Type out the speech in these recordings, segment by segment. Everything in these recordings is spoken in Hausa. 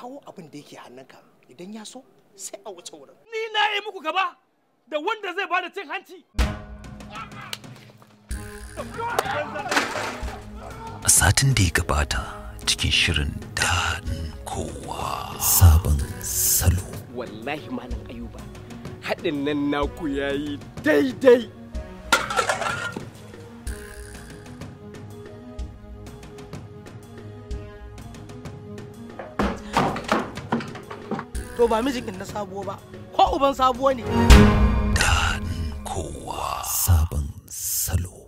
kawo abin da yake hannunka idan ya so sai a wuce wurin ni na yi muku gaba da wanda zai bada cin hanci a satin da ya gabata cikin shirin daɗin kowa sabon salo wallahi malam ayuba haɗin nan naku yayi daidai to ba mijinkin na sabuwa ba ko uban sabuwa ne. dan kowa sabon salo.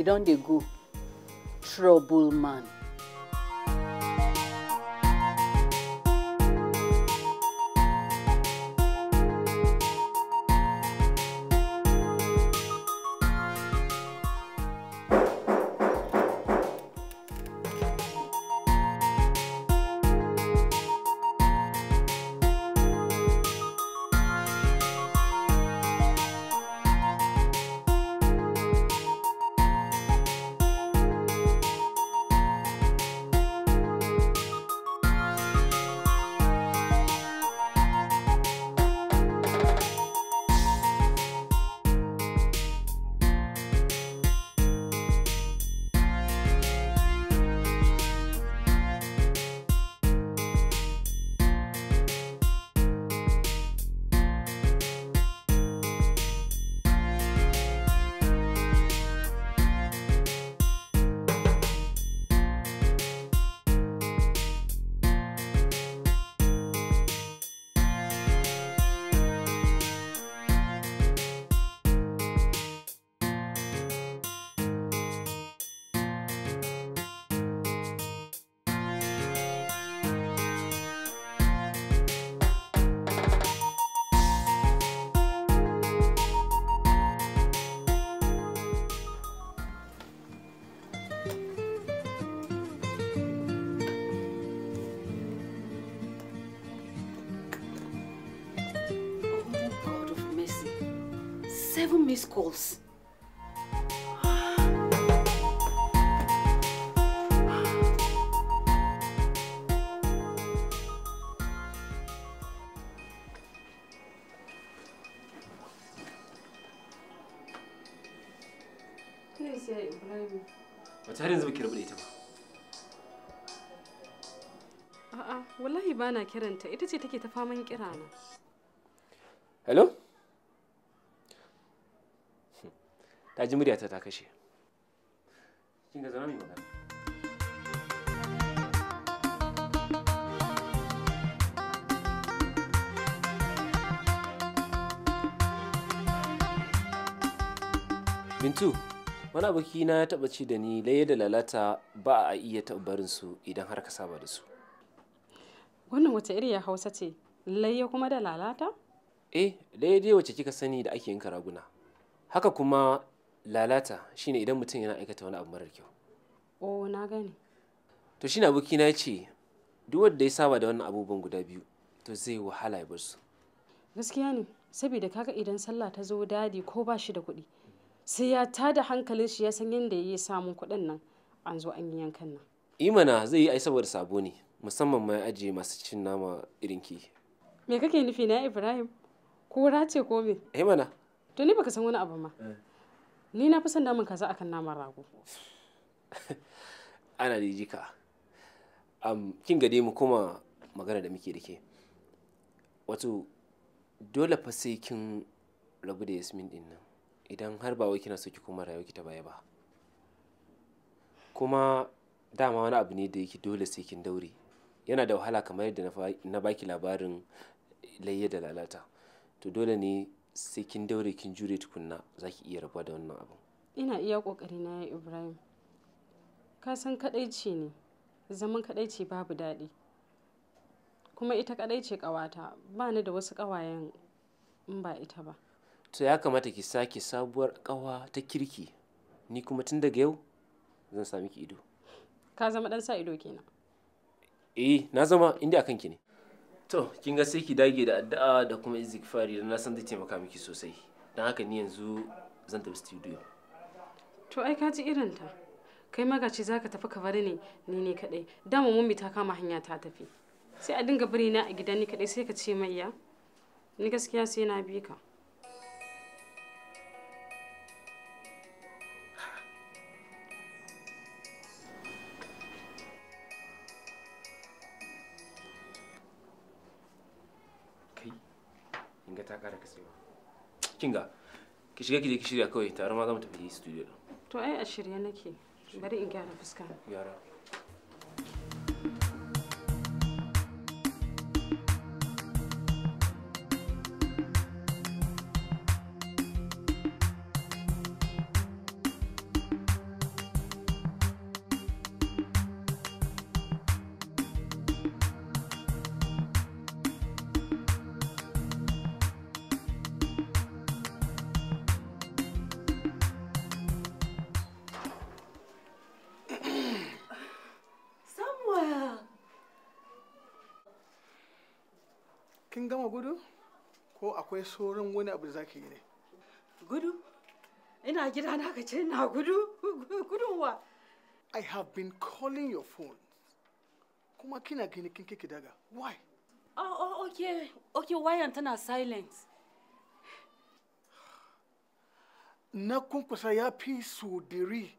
e don dey go trouble man seven missed calls. Please, yeah, Ibrahim. Wata har yanzu ba ki rabu da ita ba? A'a, wallahi ba na kiranta. Ita ce take ta faman kirana. ta ji muryata ta kashe kin ga Bintu, wani aboki na ya taba ci da ni laye da lalata ba a iya barin su idan har ka saba da su. Wannan wata iriya Hausa ce, laye kuma da lalata? Eh, laye dai wacce kika sani da ake yin karaguna. Haka kuma lalata shi ne idan mutum yana aikata wani abu marar kyau oh na gane to shine abokina na ce duk wanda ya saba da wannan abubuwan guda biyu to zai wahala ya bar su gaskiya ne saboda kaga idan sallah ta zo dadi ko ba shi da kuɗi sai ya tada hankalin shi ya san yadda ya yi samun kuɗin nan an zo an yi yankan nan imana zai yi ai saboda sabo ne musamman ma ya ajiye masu cin nama irin ki me kake nufi na ibrahim ra ce ko me imana eh to ni baka san wani abu ma eh. ni na fi son naman kaza akan naman rago ana da jika um, kin gade mu kuma magana da muke da ke wato dole fa sai kin rabu da yasmin din nan idan har ba wai kina so ki kuma rayuwa ki ta baya ba kuma dama wani abu ne da yake dole sai kin daure yana da wahala kamar yadda na baki labarin layya da lalata to dole ne sai kin daure kin jure tukunna za ki iya rabuwa da wannan abin ina iya kokari na ya ibrahim ka san kadaici ne zaman kadaici babu daɗi kuma ita kadaici kawata ƙawata ba ni da wasu kawayen in ba ita ba to ya kamata ki sake sabuwar ƙawa ta kirki ni kuma tun daga yau zan sami ki ido ka zama ɗan sa ido kenan eh na zama inda akan ki ne to kin ga sai ki dage da addu'a da kuma izikfari da na san zai taimaka miki sosai don haka ni yanzu zan tafi studio to ai ka ji irin ta kai magaci zaka tafi ka bari ne ni ne kadai dama mummi ta kama hanya ta tafi sai a dinga bari na a gidan ni kadai sai ka ce mai ya ni gaskiya sai na bi ka ta kara kasewa. kinga ki shiga ki je ki shirya kawai tare ma za mu tafi studio to ai a shirye nake bari in gyara fuska gyara gama gudu ko akwai sauran wani abu da zaki yi ne gudu ina gida na ka ce na gudu gudunwa i have been calling your phone kuma kina gani kin kike daga why oh, oh okay okay wayan tana silent na kunkusa ya fi sodiri diri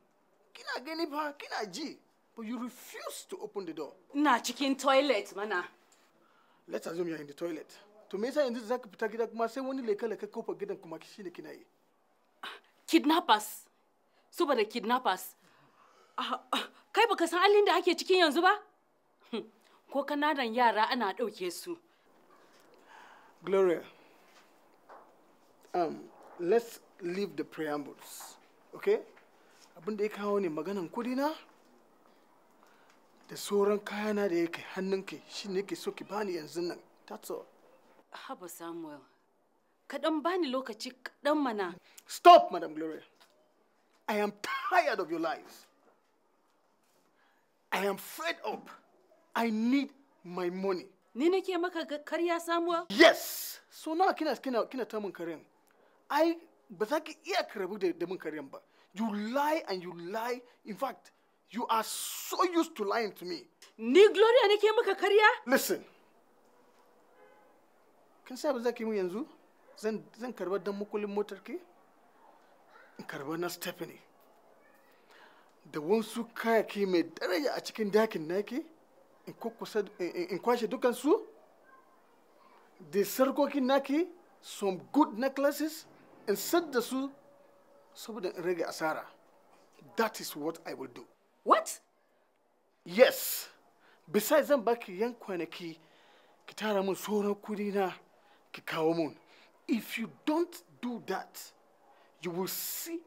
kina gani ba kina ji but you refuse to open the door na cikin toilet mana let's assume you're in the toilet to me yasa yanzu zaka fita gida kuma sai wani leka leka kofar gidan kuma shine kina yi kidnappers da kidnappers ah, ah, kai baka san halin da ake cikin yanzu ba hm, ko kananan yara ana ɗauke su gloria um, let's leave the preambles okay abin da ya kawo ne maganan kudi na da sauran kayana da yake hannunki shi ne ke so ki bani yanzu nan that's all haba samuel kaɗan bani lokaci kaɗan mana stop madam gloria i am tired of your lies i am fed up i need my money ni nake maka karya samuel yes so na kina kina kina ta mun karyan ai ba za ki iya karabu da mun karyan ba you lie and you lie in fact You are so used to lying to me. Ni Gloria nake maka karya? Listen. Kin sa ba ki mu yanzu? Zan zan karba dan mukulin motar ki? In karba na Stephanie. Da wasu kayaki mai daraja a cikin dakin naki? In in kwashe dukan su? Da sarkokin naki? Some good necklaces? In da su saboda in rage asara. That is what I will do. What? Yes. Besides zan baki yan kwanaki ki tara mun sauran kudi na ki kawo mun. If you don't do that, you will see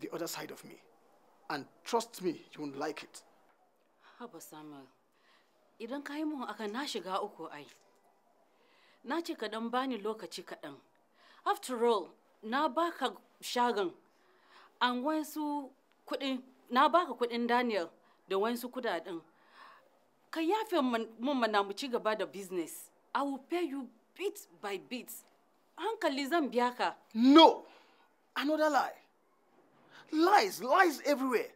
the other side of me. And trust me, you won't like it. Haba Samuel, idan ka yi mun aka na shiga uku ai. Na ce kaɗan bani lokaci kaɗan. After all, na baka shagon an wasu kuɗin na baka kuɗin daniel da wasu kudaden ka yafe mun mana mu ci gaba da business i will pay you bit by bit hankali zan biya ka no another lie lies lies everywhere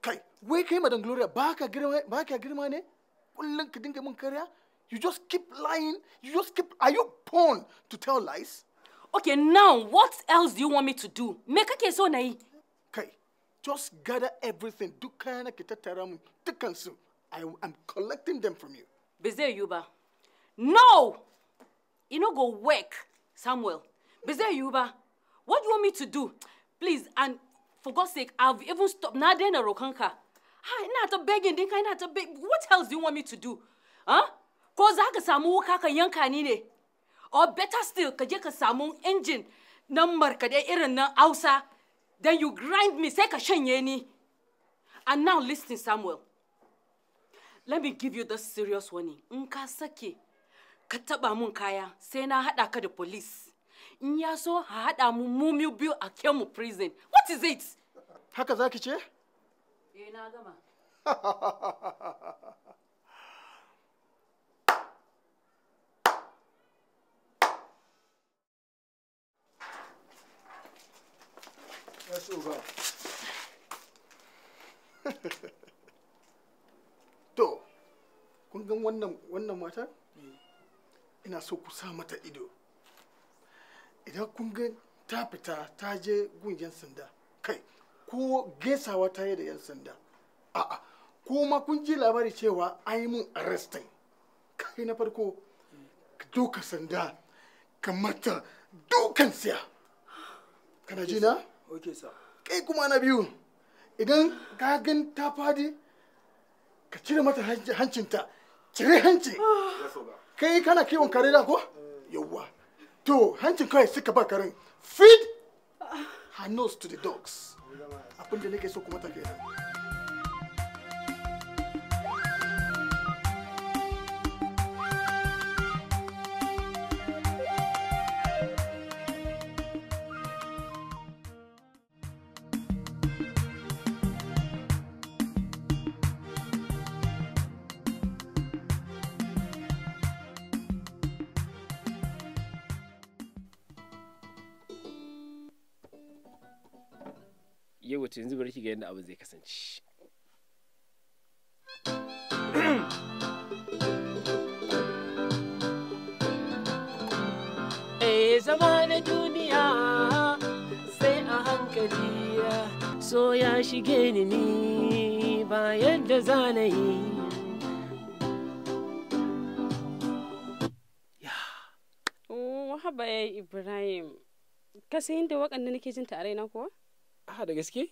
kai wai kai madan gloria baka girma baka girma ne kullum ka dinga mun kariya you just keep lying you just keep are you born to tell lies okay now what else do you want me to do me kake so na yi Just gather everything. Dukana kitataramu tukansu. I am collecting them from you. Beze Yuba. No! You know go work, Samuel. Beze Yuba. What do you want me to do? Please, and for God's sake, I've even stopped. Now then, Rokanka. Not a begging, then kind of beg. What else do you want me to do? Huh? Ko za ka samu kaka yanka ni Or better still, ka je ka samu engine number kade irin na ausa. Then you grind me, say ka shanye ni. And now listen, Samuel. Let me give you this serious warning. nka sake, ka taba mun kaya, sai na haɗa ka da police. In ya so, ha haɗa mu mumu biyu a kemu prison. What is it? Haka zaki ce? Eh, na gama. to kun gan wannan wannan matar mm. ina so ku sa mata ido idan kun ga ta fita ta je gun yan sanda kai ko gesawa ta yi da yan sanda a'a kuma kun ji labari cewa an yi mun arrestin kai na farko ka doka sanda kamar ta dukan siya kana ji na? sir kai kuma na biyu idan ka gan ta fadi ka cire mata hancinta cire hanci kai kana kiwon kare da ko yawwa to hancin kai suka ba karin, feed her nose to the dogs abinda nake so kuma ta kenan to yanzu bari ki ga yadda abin zai kasance eh zama na duniya sai a hankali so ya shige ni ni ba yadda zana yi oh, haba ya eh, yi ibrahim ka sayin da waƙanda nake jin a raina kuwa? a da gaske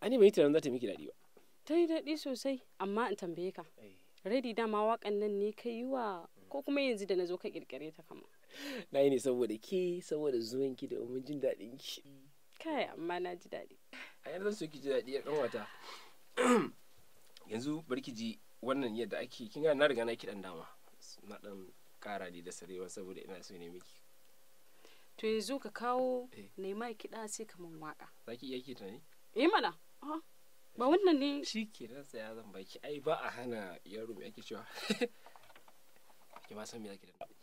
ani mai tunanin za ta miki daɗi ba ta yi daɗi sosai amma in tambaye ka eh. redi dama wakan nan ne ka yi wa ko kuma yanzu da na zo ka kirkire ta kama na yi ne saboda ke saboda zuwan ki da umar jin daɗin ki kai amma na ji daɗi a yanzu so ki ji daɗi ya kanwata yanzu bari ki ji wannan yadda ake kin ga na riga na kiɗan dama na ɗan ƙara ne da sarewa saboda ina so ne miki to yanzu ka kawo eh. ma kiɗa sai mun waka za ki iya kiɗa ne eh mana ba wannan ne shi ke nan ya zan baki ai ba a hana yaro mai ake cewa ki ba san me zaki da baki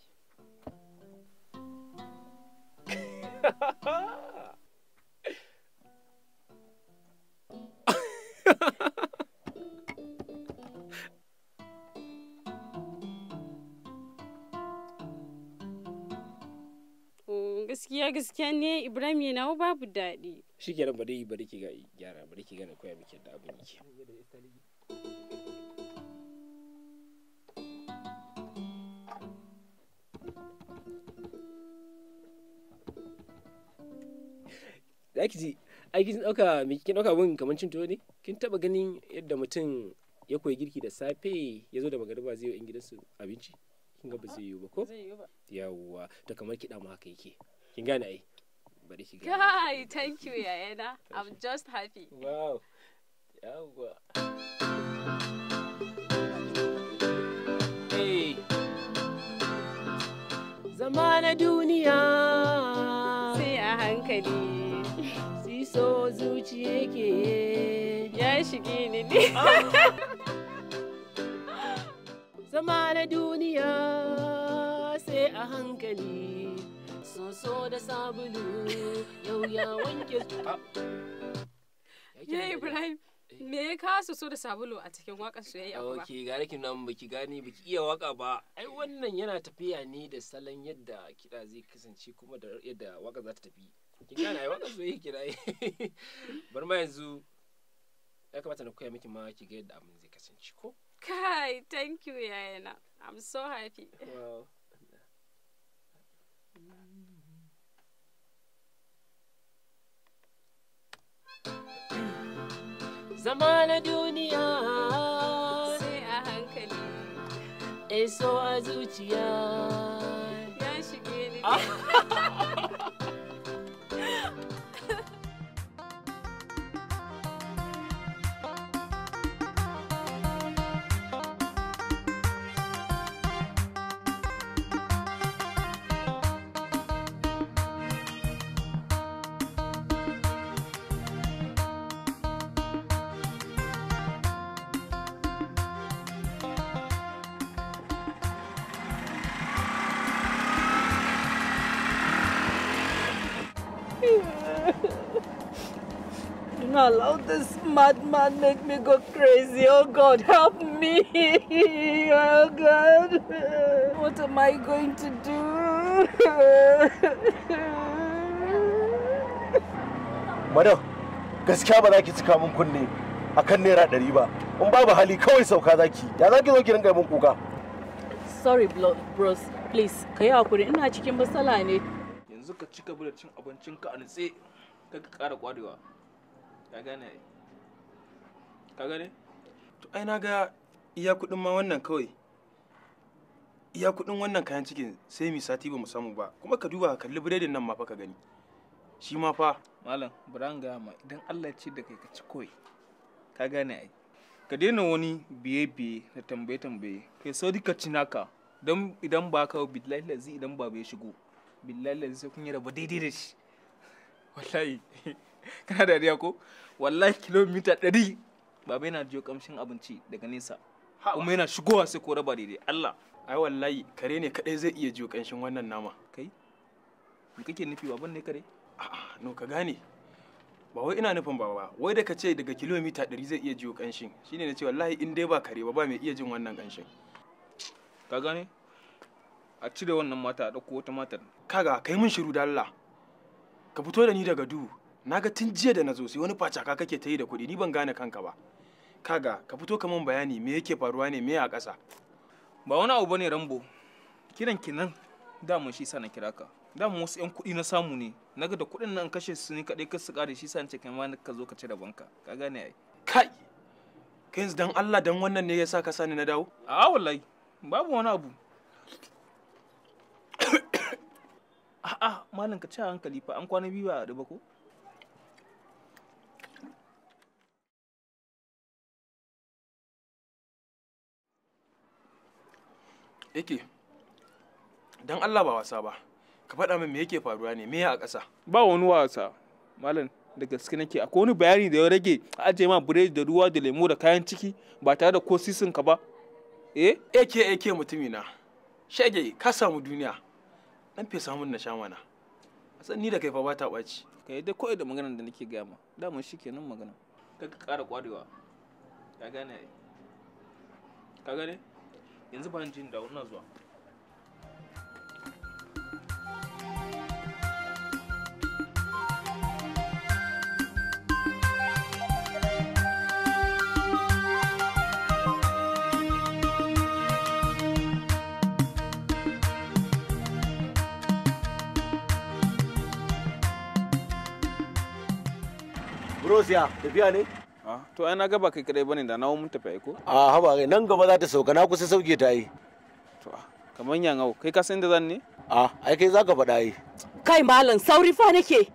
oh, gaskiya gaskiya ne ibrahim ya nawo babu daɗi shi kenan bari bari ki ga gyara bari ki gane koya miki da abin yake da ake ji ai kin dauka kin dauka abun kamar cin tuwo ne kin taba ganin yadda mutum ya koyi girki da safe ya zo da magariba zai yi in su abinci kin ga ba zai yi ba ko yawwa to kamar kiɗa mu haka yake kin gane ai bari ki kai thank you ya yana i'm just happy wow yawwa zama na duniya sai a hankali siso zuci yake ya shige ni ne zama na duniya sai a hankali soso da sabulu yau ya wanke ya ibrahim me ya kawo soso da sabulu a cikin wakar soyayya ba ok gare ki nan baki gani baki iya waka ba ai wannan yana tafiya ne da salon yadda kiɗa zai kasance kuma da yadda waka za ta tafi kin gane ai waka soyayya kiɗa bar ma yanzu ya kamata na koya miki ma ki ga yadda abin zai kasance ko kai thank you yayana i'm so happy wow. Zama na duniya sai a hankali. Eso a zuciya. Ya shige ni. don't allow this madman make me go crazy. Oh God, help me. Oh God. What am I going to do? Madam, gaskiya ba za ki cika min kunne akan naira ɗari ba. In babu hali kawai sauka za ki. Ya za ki zo ki ringa min kuka? Sorry, bros. Please, ka yi hakuri. Ina cikin matsala ne. Yanzu ka cika da cin abincinka a nutse. Ka ƙara kwarewa. ka gane ka gane to ai na ga iya kudin ma wannan kawai iya kudin wannan kayan cikin sai mi sati ba mu samu ba kuma ka duba kalli biredin nan ma fa ka gani shi ma fa malam buran ga ma idan Allah ya ce da kai ka ci koi ka gane ai ka daina wani biye biye da tambaye tambaye kai sau duka ci naka don idan ba ka billahi lazi idan ba bai shigo billahi lazi sai kun yi raba daidai da shi wallahi kana dariya ko wallahi kilomita ɗari baba yana jiyo kamshin abinci daga nesa kuma yana shigowa sai ko raba daidai Allah ai wallahi kare ne kadai zai iya jiyo kamshin wannan nama kai me kake nufi baban ne kare a'a no ka gane ba wai ina nufin ba ba wai da ka ce daga kilomita 100 zai iya jiyo kamshin shine nace wallahi in dai ba kare ba ba mai iya jin wannan kamshin ka gane a cire wannan mata a dauko wata matar kaga kai mun shiru da Allah ka fito da ni daga duhu na ga tun jiya da na zo sai wani facaka kake ta yi da kuɗi ni ban gane kanka ba kaga ka fito ka min bayani me yake faruwa ne me a ƙasa ba wani abu bane rambo kiran ki nan mun shi sa na kira ka Da mun wasu yan kuɗi na samu ne Na ga da kuɗin nan kashe su ne kaɗai ka su ƙare shi sa ce kai ma ka zo ka ci da banka ka gane ai kai kai yanzu dan Allah dan wannan ne ya sa ka sani na dawo a wallahi babu wani abu a'a malam ka ci hankali fa an kwana biyu ba a ko yake don allah ba wasa ba ka faɗa min me yake faruwa ne me a ƙasa ba wani wasa malam da gaske nake akwai wani bayani da ya rage a ajiye ma biredi da ruwa da lemo da kayan ciki ba tare da ko sisin ka ba eh eke eke mutumina shege ka samu duniya dan fesa mun na sha mana san ni da kai fa ba ta ɓaci ka yi dai kawai da maganar da nake gaya ma daman shi kenan magana ka ƙara ƙwarewa ka gane yanzu ban jin da ina zuwa Rosia, tafiya ne? to ai na gaba kai kadai bane da nawo mun tafi aiko a haba kai nan gaba za ta sauka na kusa sauke ta yi to kaman yan au kai ka san da zan ne a ai kai ka faɗa yi kai malam sauri fa nake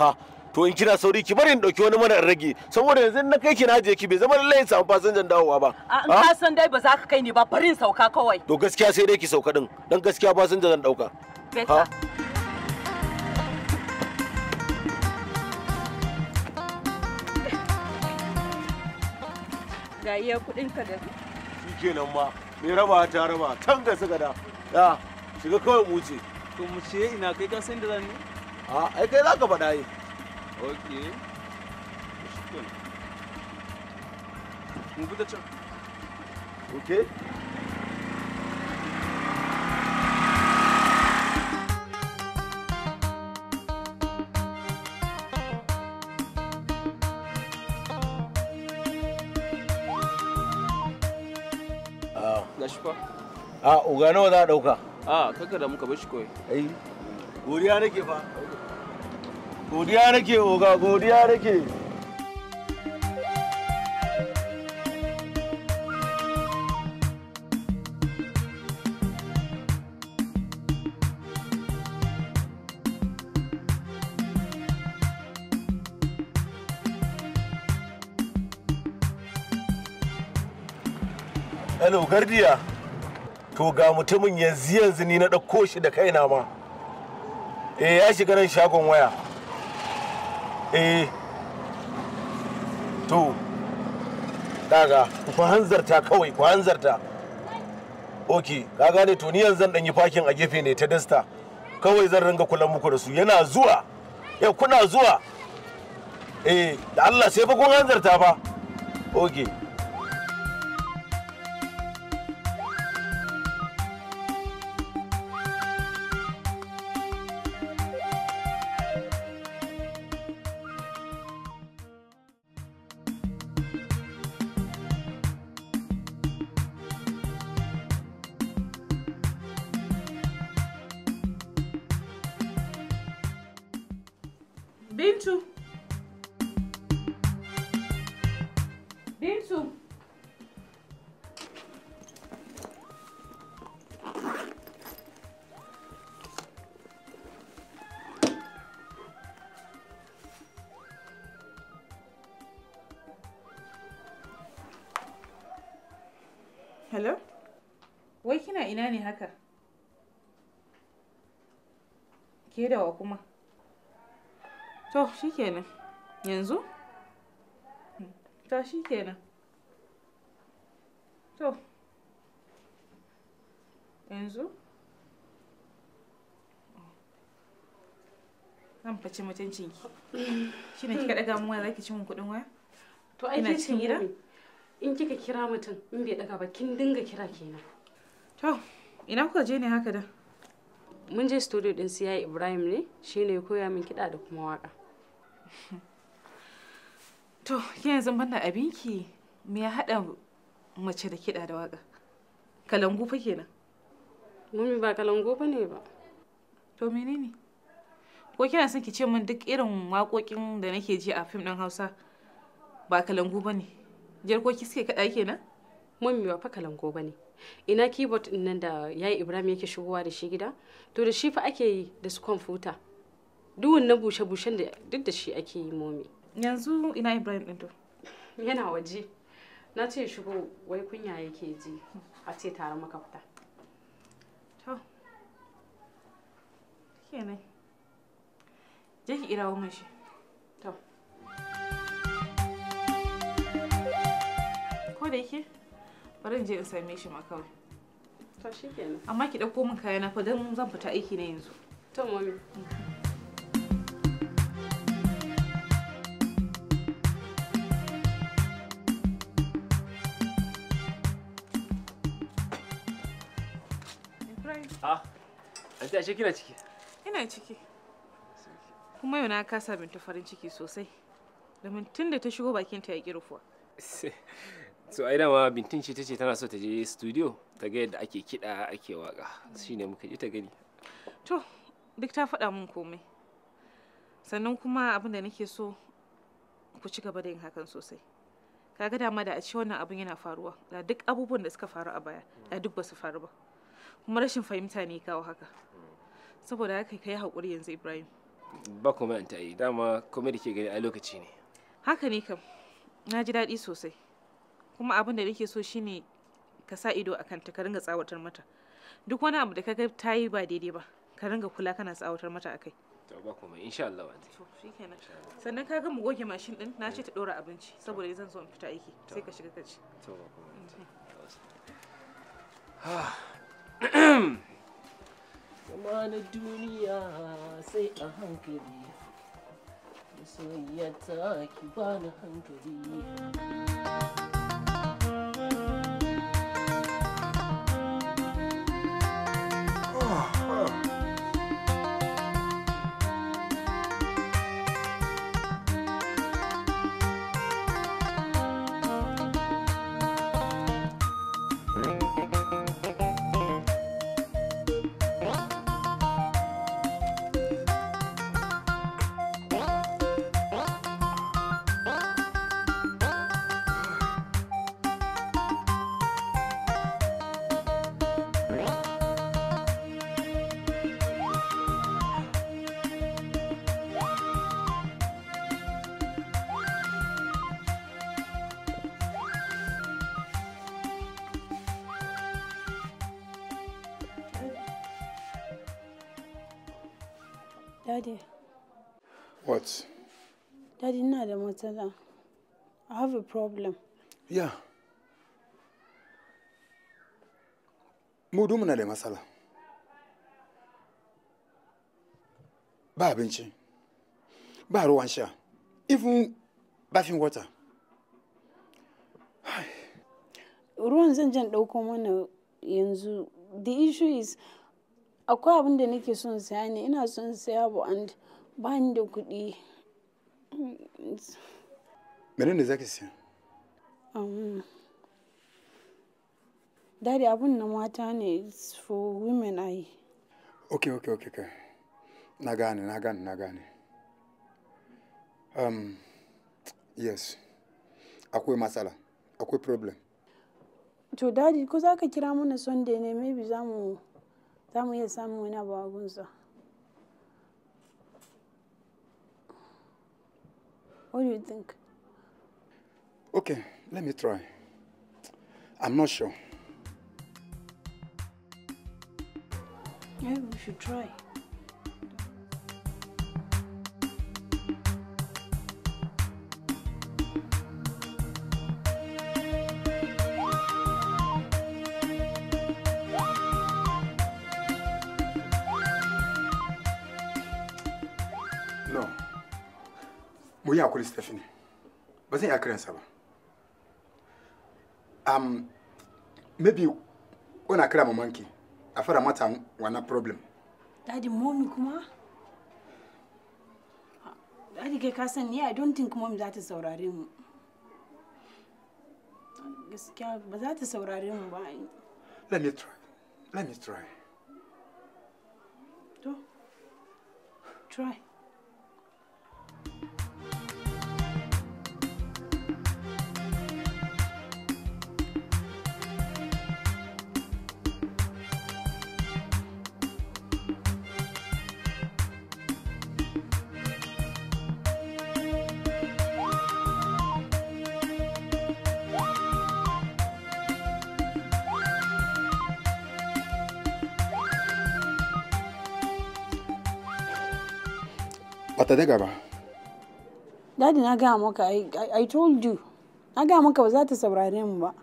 ha to in kina sauri ki bari in dauki wani mana rage saboda yanzu na kai ki na je ki bai zama lallai in samu fasinjan dawowa ba a in ka san dai ba za ka kai ni ba bari in sauka kawai to gaskiya sai dai ki sauka din dan gaskiya fasinjan zan dauka ha? ga iya kuɗin ka da shi kenan ma me raba ta raba can ka suka da shiga kawai mu ce to mu ce ina kai ka san da zan a ai kai zaka faɗa yi okay mu bi da can okay gashi fa a uga nawa za a dauka a kaka da muka bashi koyi ai godiya nake fa godiya nake oga godiya nake gardiya to ga mutumin yanzu yanzu ni na ɗauko shi da kaina ma eh ya shiga nan shagon waya eh to daga ku hanzarta kawai ku hanzarta ok ka gane to ni yanzu dan yi fakin a gefe ne ta dasta kawai zan ringa kula muku da su yana zuwa ya kuna zuwa eh da Allah sai fa kun hanzarta fa ok Bintu. Bintu. Hello? Wai kina ina ne haka? Ke da wa kuma? to shikenan yanzu to shikenan to yanzu zan faci mutuncin ki ne kika daga mun waya zaki cin kudin waya to ai ke cin gida in kika kira mutum in bai daga ba kin dinga kira kenan to ina kuka je ne haka da mun je studio din siya ibrahim ne shine ya koya min kiɗa da kuma waka to ke yanzu banda abinki me ya haɗa mace da kiɗa da waka kalangu fa kenan mummy ba kalangu ba ne ba to menene ko kina son ki ce min duk irin waƙoƙin da nake ji a fim ɗin hausa ba kalangu ba ne jarkoki suke kaɗa kenan mummy ba fa kalangu ba ne ina keyboard din nan da yayi ibrahim yake shigowa da shi gida to da shi fa ake yi da su kwamfuta duwun na bushe-bushen da duk da shi ake yi momi yanzu ina ibrahim din to yana waje na ce shigo wai kunya yake ji a ce tare maka fita to kenan je ki irawo mai shi ko da yake bari je in same shi ma kawai to shikenan amma ki dauko min kayana fa dan zan fita aiki ne yanzu to mami Ah, ashe kina ciki? Ina ciki. Kuma yau na kasa binta farin ciki sosai. Domin tun ta shigo bakin ta ya ƙi so ai dama bintin ce tace tana so ta je studio ta ga yadda ake kiɗa ake waka shine muka je ta gani to duk ta faɗa mun komai sannan kuma abin da nake so ku ci gaba da yin hakan sosai kaga dama da a ce wannan abin yana faruwa da duk abubuwan da suka faru a baya da duk basu faru ba kuma rashin fahimta ne kawo haka saboda haka kai hakuri yanzu Ibrahim ba kuma an ta yi dama komai da ke gani a lokaci ne haka ne kam na ji daɗi sosai kuma abin da nake so shine ka sa ido a kanta ka ringa tsawatar mata duk wani abu da ka ga ta yi ba daidai ba ka ringa kula kana tsawatar mata akai to ba insha Allah wani to shikenan sannan ka ga mu goge mashin din na ce ta dora mm. abinci saboda zan zo in fita aiki sai ka shiga ka ci to ba kuma mm-hmm. na duniya sai a hankali soyayya ta ki bani hankali Daddy. What? Daddy, ina da matsala. I have a problem. Yeah. Mu muna da matsala. Ba abinci, ba ruwan sha, even bathing water. Ruwan zan jan ɗauko mana yanzu. The issue is akwai abin da nake son saya ne ina son saya bu and ba ni da kuɗi menene za ka siya um, dadi abin na mata ne for women ai ok ok ok ok na gane na gane na gane um, yes akwai matsala akwai problem to dadi ko za ka kira mana sunday ne maybe za mu za mu iya samun wani abu a gunsa what do you think okay let me try i'm not sure yeah we should try ku yi hakuri su tafi ne ba zan iya kiransa ba um maybe kuna kira mamanki a fara mata wannan problem daddy mommy kuma daddy kai ka san ni i don't think mommy za ta saurare mu gaskiya ba za ta saurare mu ba let me try let me try to try ta daga ba dadi na gaya maka I, I, i told you na gaya maka ba za ta saurare mu ba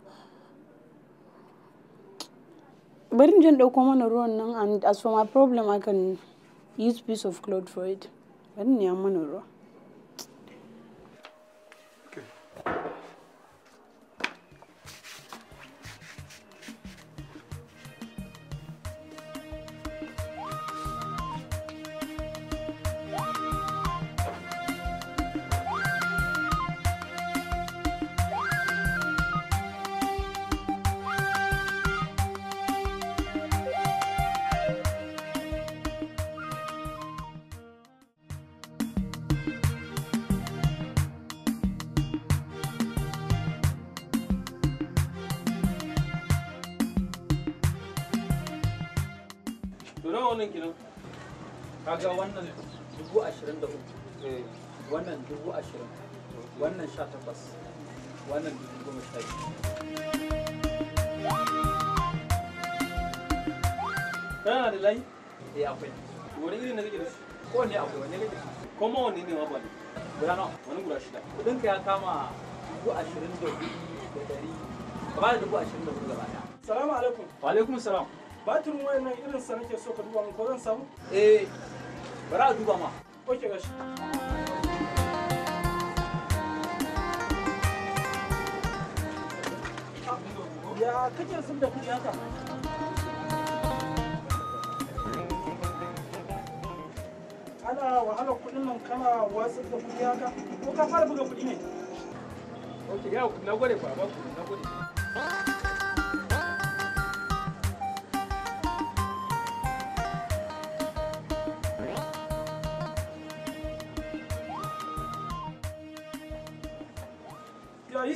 bari jin ɗauko mana ruwan nan and as for my problem i can use piece of cloth for it bari ne mana ruwa nawa wannan kenan kaga wannan dubu ashirin da uku eh. wannan dubu ashirin wannan sha takwas wannan dubu goma sha biyu. kana da layi eh akwai wani irin na kake da su. ko ne akwai wani kake ko ma wani ne ma ba ne guda nawa wani guda shida kudin ka ya kama dubu ashirin da hudu da dari ba da dubu ashirin da hudu gaba daya salamu alaikum wa alaikum salam batirin wayan nan irin sa nake so ka duba mun ko zan samu eh bari a duba ma oke gashi ya kake zub da kuɗi haka ana wahalar kudin nan kana watsar da kuɗi haka ko ka fara buga kuɗi ne ok yau na gode ku a baku na gode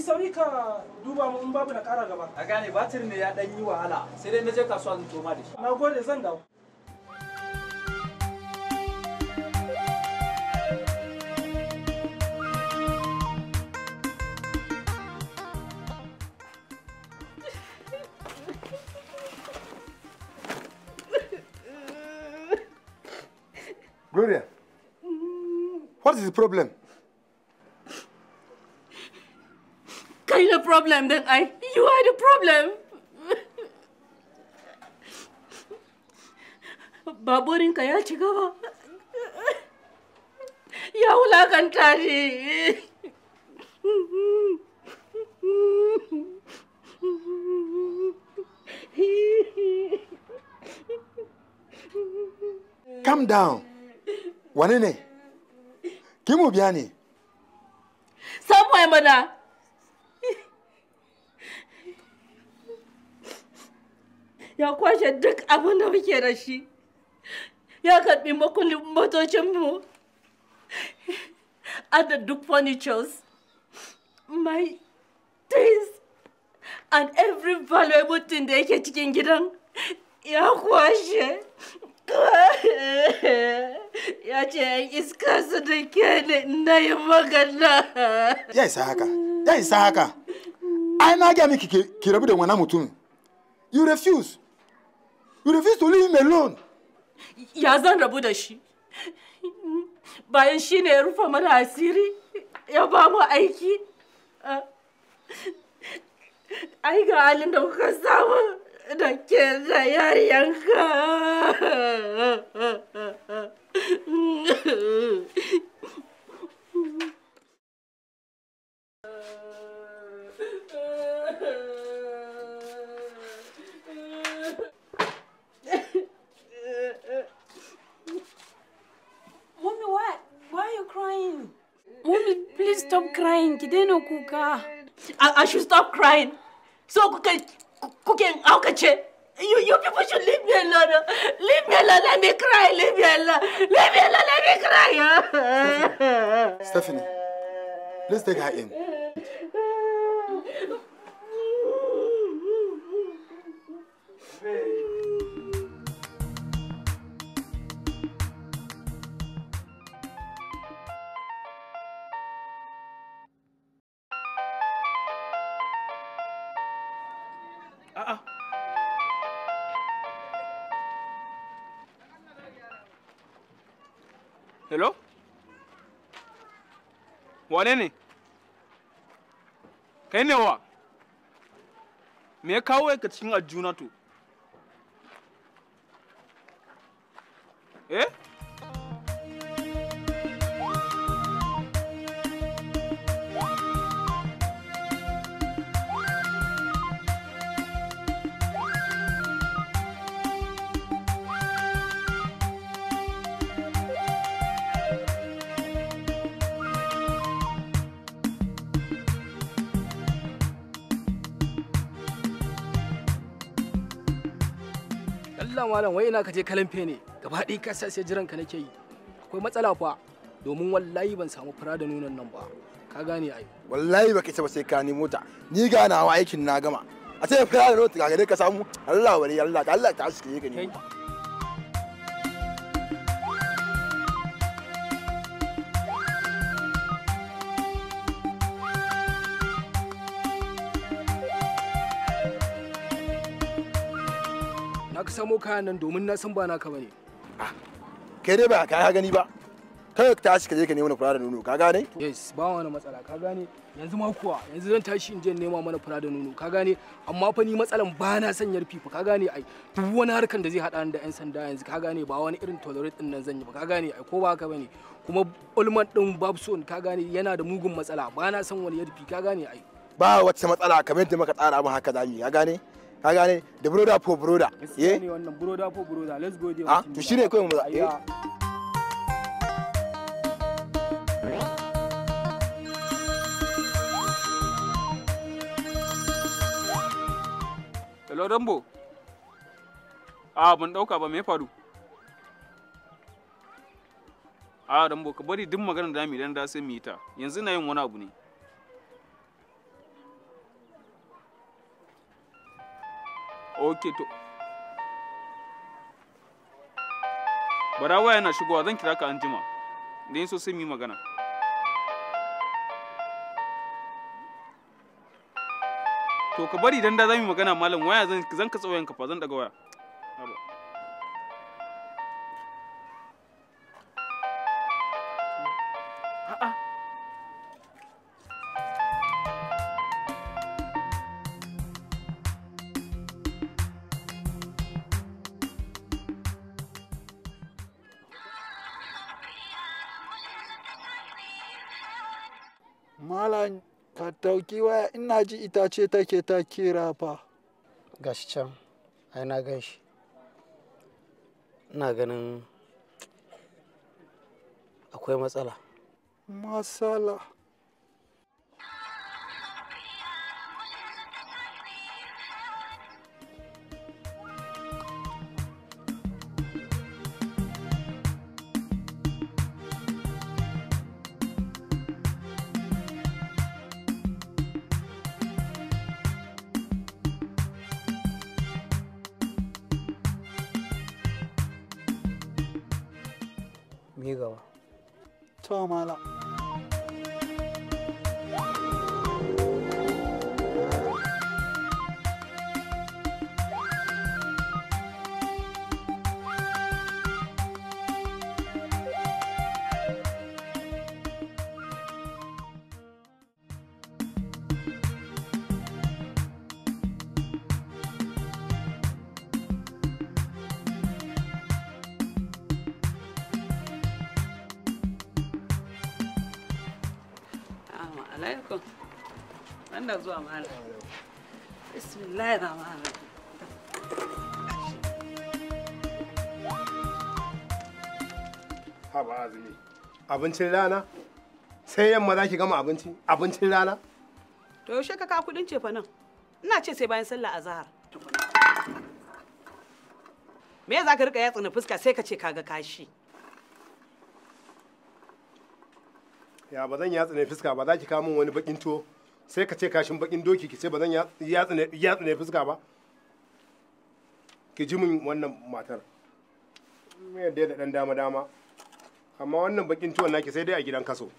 sauri ka duba mu in babu na ƙara gaba. A gane batir ne ya ɗan yi wahala sai dai na je kasuwa zan toma da shi. Na gode zan dawo. Gloria, what is the problem? problem, then I. You are the problem. ka ya ci gaba. Ya wulakanta shi. Calm down. Wane ne? Ki biya ne? Samuel mana. ya kwashe duk abin da muke da shi ya karbi makullin motocinmu da duk furnitures my things and every valuable thing da yake cikin gidan ya kwashe ya ce yan iska su da ke ne na yi magana ya isa haka ya isa haka ai na gaya miki ki rabu da wani mutum you refuse You refuse to leave him alone. Ya zan rabu da shi. Bayan shi ne ya rufe mana asiri, ya ba mu aiki. Ai ga halin da kuka samu da ke da yariyanka. Mommy, please stop crying. Kideno kuka. I, I should stop crying. So kuka, kuka, aukache. You, you people should leave me alone. Leave me alone. Let me cry. Leave me alone. Leave me alone. Let me cry. Stephanie, let's take her in. wane ne kai ne wa me ya kawo ka cikin aljuna to eh Allah malam wai ina ka je kalamfe ne gaba ɗaya ka sai jiran ka nake yi akwai matsala fa domin wallahi ban samu fura da nunan nan ba ka gane ai wallahi baka isa ba sai ka nemo mota ni ganawa aikin na gama a ce fura da nunan ta gare ka samu Allah wani Allah Allah ta aske ka ne samo kayan nan domin na san ba na ka bane ah, kai dai ba ka gani ba kai ka tashi ka je ka nemi fura da nono ka gane yes ba wani matsala ka gane yanzu ma kuwa yanzu zan tashi in je nema mana fura da nono ka gane amma fa ni matsalan ba na son yarfi fa ka gane ai duk wani harkan da zai hada ni da yan sanda yanzu ka gane ba wani irin tolerate din nan zan yi ba ka gane ai ko ba ka bane kuma ulman din babson ka gane yana da mugun matsala ba na san wani yarfi ka gane ai ba wata matsala kamar yadda muka tsara mu haka zamu yi ka gane ka gane da broda po broda ye eh? ha ah, to shine kai mu eh Hello Rambo. A ah, ban dauka ba me faru? A ah, Rambo ka bari duk maganar da mu idan da sai mu yi ta. Yanzu na yin wani abu ne. ok to bara waya na shigowa zan kira ka an jima da yin so sai mu yi magana to ka bari dan da za yi magana malam waya zan zan ka tsawayen ka fa zan daga waya ɗauki waya ina ji itace take ta kira fa gashi can ai na gan shi ina ganin akwai matsala matsala je gaba. To mala. ina zuwa malam haba azumi abincin rana sai yamma za ki gama abinci abincin rana to yaushe ka ka kudin cefa nan ina ce sai bayan sallah azhar me za ka rika yatsa na fuska sai ka ce kaga kashi ya ba zan yatsa na fuska ba za ki kawo min wani bakin tuwo sai ka ce kashin bakin doki ki ce ba zan ya tsine fuska ba ki ji min wannan matar mai yadda da dan dama dama amma wannan bakin tuwon naki sai dai a gidan kaso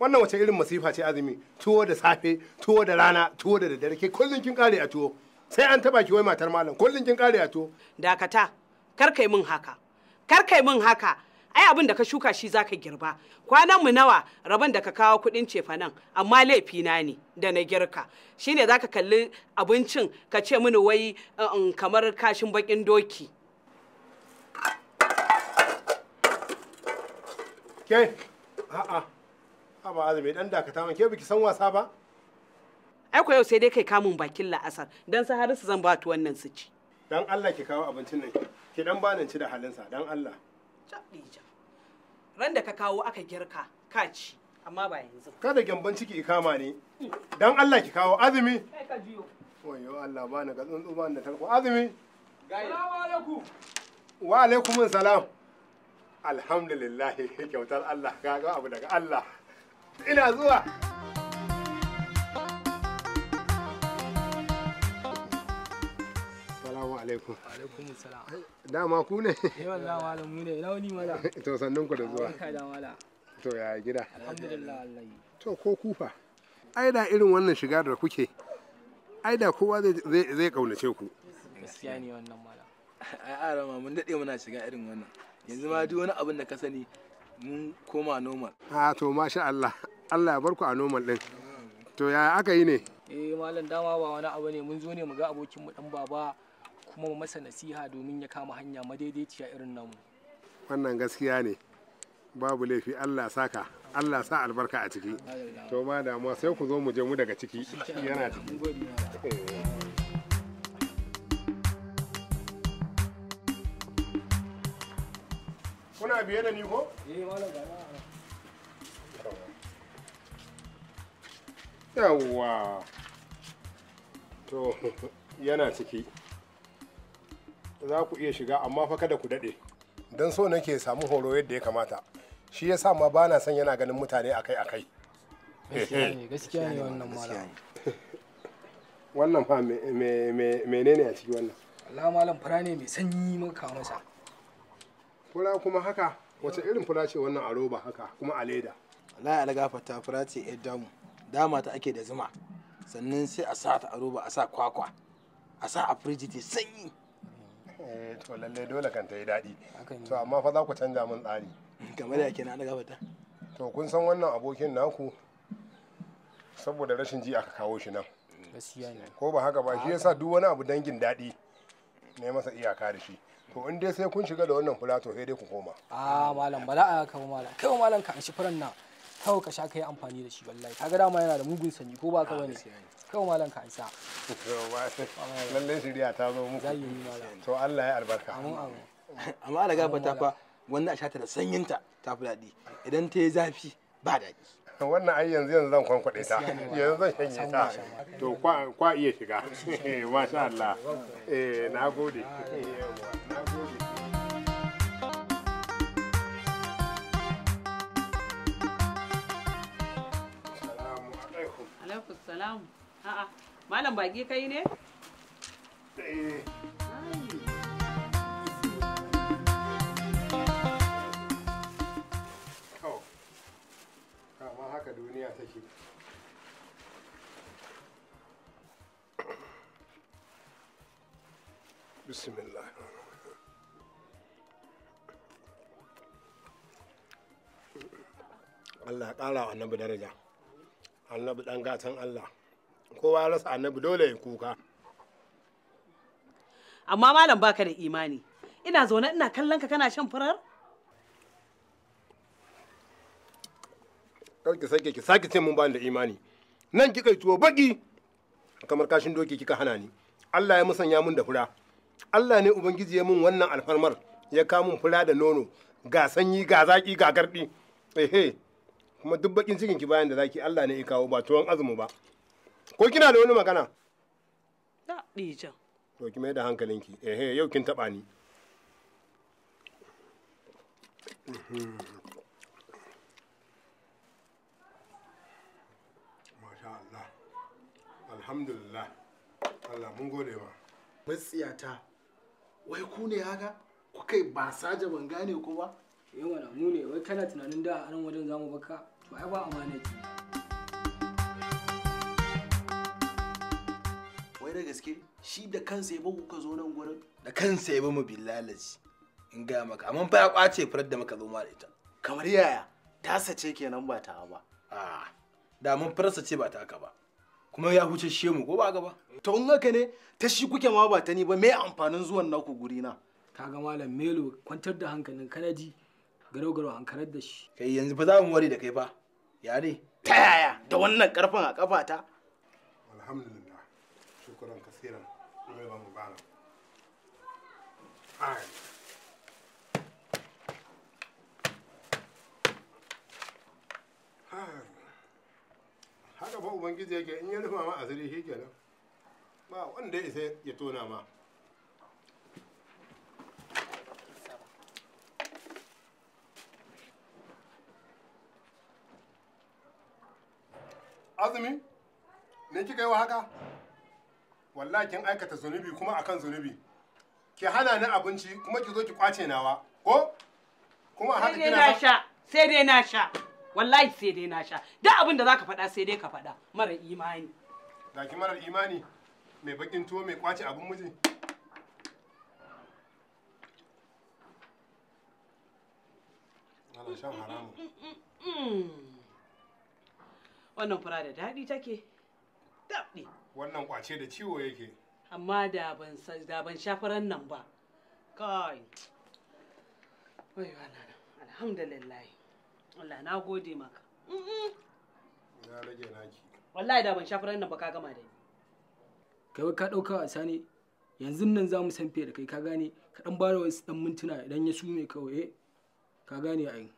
wannan wace irin masifa ce azumi tuwo da safe tuwo da rana tuwo da daddare ke kullun kin kare a tuwo sai an taba ki wai matar malam kullun kin kare a tuwo dakata kar kai min haka kar kai min haka ai abin da ka shuka shi zaka girba kwanan mu nawa rabon da ka kawo kudin cefanan amma laifi na ne da na girka shine zaka kalli abincin ka ce mini wai uh-uh, kamar kashin bakin doki ke a'a ba azumi dan dakata man ke biki san wasa ba ai ko yau sai dai kai kamun bakin la'asar dan su zan ba tu wannan su ci dan Allah ki kawo abincin nan ki dan nan ci da halinsa dan Allah Randa Ran da ka kawo aka girka, ka ci, amma ba yanzu. Kada gyamban ciki ikama ne, don Allah ki kawo azumi. Kai ka jiyo. Wayo Allah ba ni ga tsuntsu ba ni da tarko azumi. Salamu alaikum. Wa alaikum salam. Alhamdulillah kyautar Allah kaga abu daga Allah. Ina zuwa. alaikum. Alaikum salam. Dama ku ne? Eh wallahi malam mu ne. Ina wani mala. To sannun ku da zuwa. To ya gida? Alhamdulillah To ko kufa. Ai da irin wannan shiga da kuke. Ai da kowa zai zai kaunace ku. Gaskiya ne wannan mala. Ai arama mun dade muna shiga irin wannan. Yanzu ma duk wani abin da ka sani mun koma normal. Ah to masha Allah. Allah ya barku a normal din. To ya aka yi ne? Eh malam dama ba wani abu ne mun zo ne mu ga abokin mu dan baba kuma masa nasiha domin ya kama hanya madaidaiciya irin namu wannan gaskiya ne babu laifi Allah saka Allah sa albarka a ciki to ma damuwa sai ku zo mu je mu daga ciki yana ciki eh. kuna biye da ni ko eh, to yana ciki za ku iya shiga amma fa kada ku daɗe don so nake samu horo yadda ya kamata shi ya sa ma ba na son yana ganin mutane akai akai gaskiya ne wannan malam wannan fa menene a ciki wannan Allah malam fura ne mai sanyi mun kawo masa fura kuma haka wace irin fura ce wannan a roba haka kuma a leda wallahi algafata fura ce yar damu dama ta ake da zuma sannan sai a sa ta a roba a sa kwakwa a sa a firiji sanyi Eh, to lalle dole kan ta yi daɗi to amma fa za ku canja min tsari game da yake na daga fata to kun san wannan abokin naku saboda rashin ji aka kawo shi nan ko ba haka ba shi yasa duk wani abu dangin daɗi ne masa iyaka da shi to in dai sai kun shiga da wannan fulato sai dai ku koma a ah, malam bala a kawo malam kai malam ka an shi furan nan kawai ka sha kai amfani da shi wallahi kaga dama yana da mugun sanyi ko ba ka bane kawai malam ka isa lalle shirya ta zo muku to Allah ya albarka amma ala gafata fa wannan a ta da sanyinta ta fi daɗi idan ta yi zafi ba daɗi wannan ai yanzu yanzu zan kwankwaɗe ta yanzu zan shanye ta to kwa iya shiga eh, masha Allah eh na gode alaikum salam a'a malam baki kai ne eh kama haka duniya take bismillah Allah ya ƙara wa annabi daraja annabi dan gatan Allah kowa rasa annabi dole ya kuka amma malam baka da imani ina zaune ina kallon ka kana shan furar ki sake ki sake ce mun ni da imani nan kika tuwo baki kamar kashin doki kika hana ni Allah ya musanya mun da fura Allah ne ubangiji ya mun wannan alfarmar ya kawo mun fura da nono ga sanyi ga zaki ga gardi ehe kuma duk bakin cikin ki bayan da zaki Allah ne ya kawo ba tuwon azumi ba ko kina da wani magana da dija to ki mai da hankalinki ehe yau kin taba ni Masha Allah alhamdulillah Allah mun gode ma matsiyata wai ku ne haka kukai ba saje gane ku ba yawa wana mu ne wai kana tunanin da a nan wajen zamu baka to ai ba amana ki wai da gaske shi da kansa ya bugu ka zo nan gurin da kansa ya bamu billalaji in ga maka amma fa ya kwace furar da muka zo ma da ita kamar yaya ta sace kenan ba ta ba a ah, da mun farsa ce ba ta ka ba kuma ya huce Shemu mu ko ba gaba to in haka ne ta shi kuke ma ba ta ni ba me amfanin zuwan naku guri na ga malam melo kwantar da hankalin kanaji garau garau an karar da shi kai yanzu fa za mu ware da kai fa ya ne ta yaya da wannan karfin a kafata alhamdulillah shukran kasiran Allah ba mu bana ai haka ba ubangiji yake in ya rufa ma asiri shi kenan ba wanda ya isa ya tona ma azumi ne kika yi wa haka wallahi kin aikata zunubi kuma akan zunubi ki hana ni abinci kuma ki zo ki kwace nawa ko kuma haka kina na sha sai dai na sha wallahi sai dai na sha duk abin da zaka faɗa sai dai ka faɗa mara imani da ki mara imani mai bakin tuwo mai kwace abin miji ana shan wannan fura da daɗi take daɗi wannan kwace da ciwo yake amma da ban da ban sha furan nan ba kai wai wannan alhamdulillah Allah na gode maka ya rage naki wallahi da ban sha furan nan ba ka gama da ni kai ka ɗauka wasa ne yanzu nan za mu san fiye da kai ka gane ka ɗan bara wasu ɗan mintuna idan ya sume kawai eh? ka gane a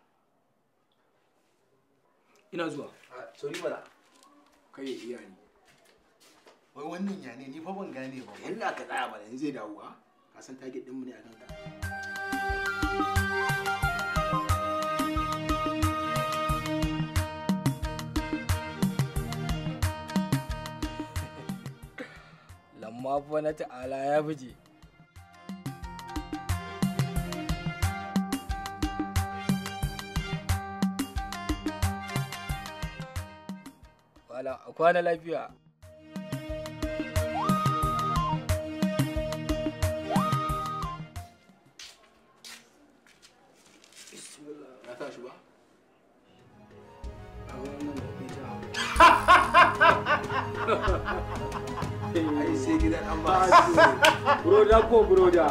ina zuwa to ni mana kai ya iya ni wai wannan ya ne ni fa ban gane ba yalla ka tsaya mana yanzu zai dawo ha ka san target din mu ne akan ka lamma fa na ta'ala ya buje ta'ala a kwana lafiya ai sai gidan an ba su broda ko broda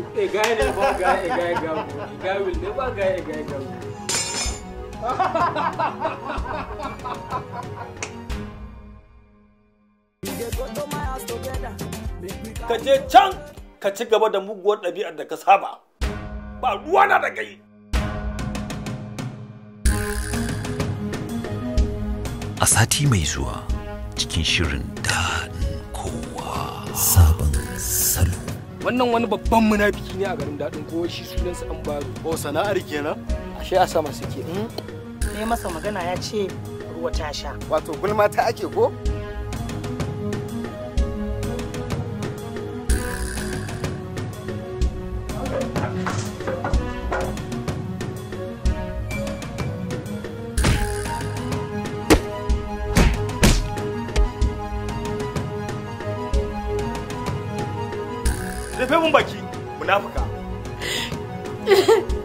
a eh, ne ba guy a eh, guy gabo a guy will never guy a eh, guy Ka je can ka ci gaba da muguwar ɗabi'ar da ka saba. Ba ruwa na da yi. A sati mai zuwa cikin shirin daɗin kowa sabon salo. Wannan wani babban munafiki ne a garin daɗin kowa shi sunansa an baro. O sana'ar kenan? Ashe a sama suke. Ne eh, masa magana ya ce ruwa ta sha. Wato gulma ta ake ko? ラブか